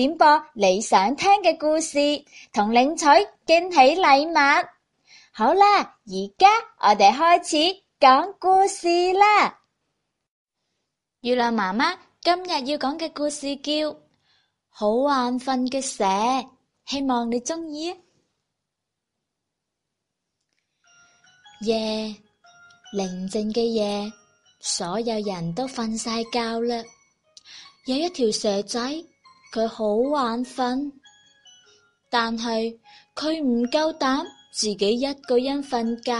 點播你想聽嘅故事，同領取驚喜禮物。好啦，而家我哋開始講故事啦！月亮媽媽今日要講嘅故事叫，佢好眼瞓，但係佢唔夠膽自己一個人瞓覺。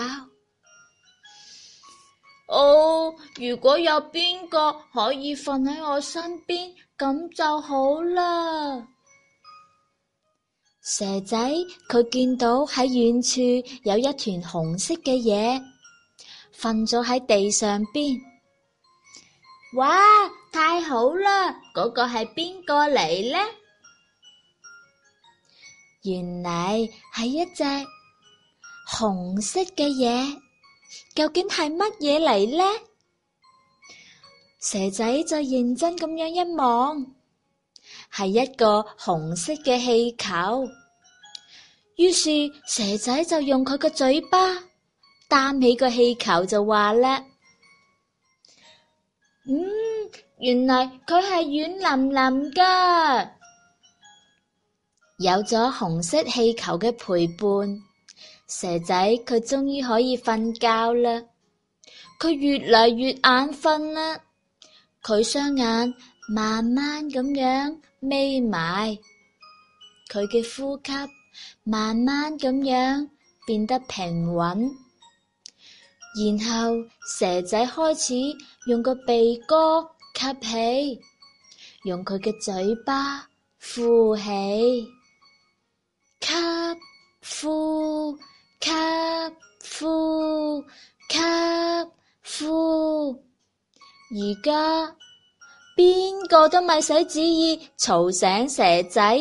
哦，如果有邊個可以瞓喺我身邊，咁就好啦。蛇仔，佢見到喺遠處有一團紅色嘅嘢，瞓咗喺地上邊。哇！太好啦！嗰個係邊個嚟？呢原來係一隻紅色嘅嘢，究竟係乜嘢嚟？呢蛇仔就認真咁樣一望，係一個紅色嘅氣球。於是蛇仔就用佢個嘴巴擔起個氣球，就話咧：，嗯。原來佢係軟腍腍噶，有咗紅色氣球嘅陪伴，蛇仔佢終於可以瞓覺啦。佢越嚟越眼瞓啦，佢雙眼慢慢咁樣眯埋，佢嘅呼吸慢慢咁樣變得平穩，然後蛇仔開始用個鼻哥。吸氣，用佢嘅嘴巴呼氣，吸呼吸呼吸呼。而家邊個都咪使旨意嘈醒蛇仔，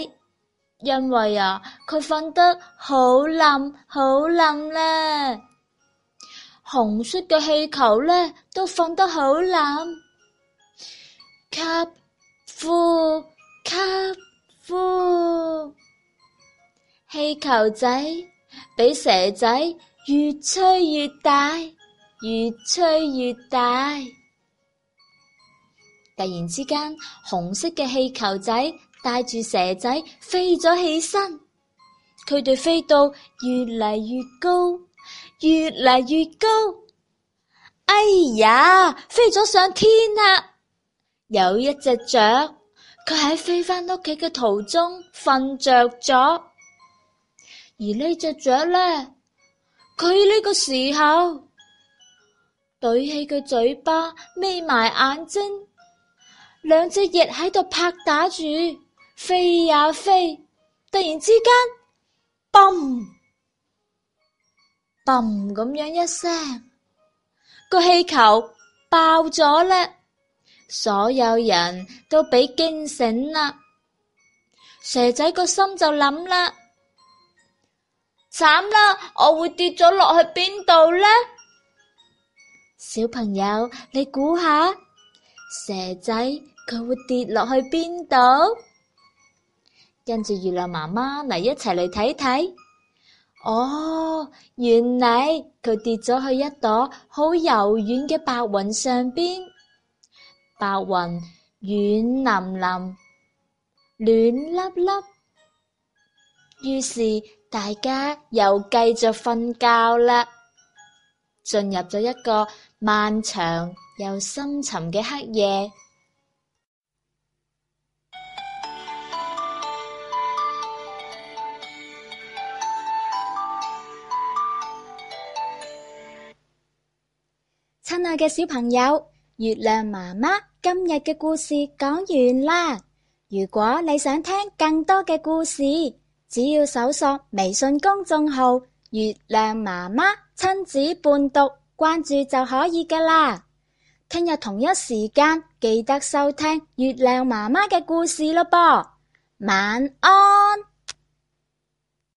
因為啊，佢瞓得好冧好冧啦。紅色嘅氣球咧，都瞓得好冧。吸呼，吸呼，氣球仔俾蛇仔越吹越大，越吹越大。突然之間，紅色嘅氣球仔帶住蛇仔飛咗起身，佢哋飛到越嚟越高，越嚟越高。哎呀，飛咗上天呀！有一隻雀，佢喺飛返屋企嘅途中瞓着咗。而呢隻雀咧，佢呢個時候懟起個嘴巴，眯埋眼睛，兩隻翼喺度拍打住，飛呀、啊、飛。突然之間，嘣嘣咁樣一聲，個氣球爆咗啦。所有人都俾驚醒啦，蛇仔個心就諗啦，慘啦，我會跌咗落去邊度呢？小朋友，你估下，蛇仔佢會跌落去邊度？跟住月亮媽媽嚟一齊嚟睇睇。哦，原來佢跌咗去一朵好柔軟嘅白雲上邊。白雲軟腍腍，暖粒粒。於是大家又繼續瞓覺啦，進入咗一個漫長又深沉嘅黑夜。親愛嘅小朋友，月亮媽媽。今日嘅故事講完啦，如果你想聽更多嘅故事，只要搜索微信公眾號月亮媽媽親子伴讀，關注就可以㗎啦。聽日同一時間記得收聽月亮媽媽嘅故事咯噃，晚安。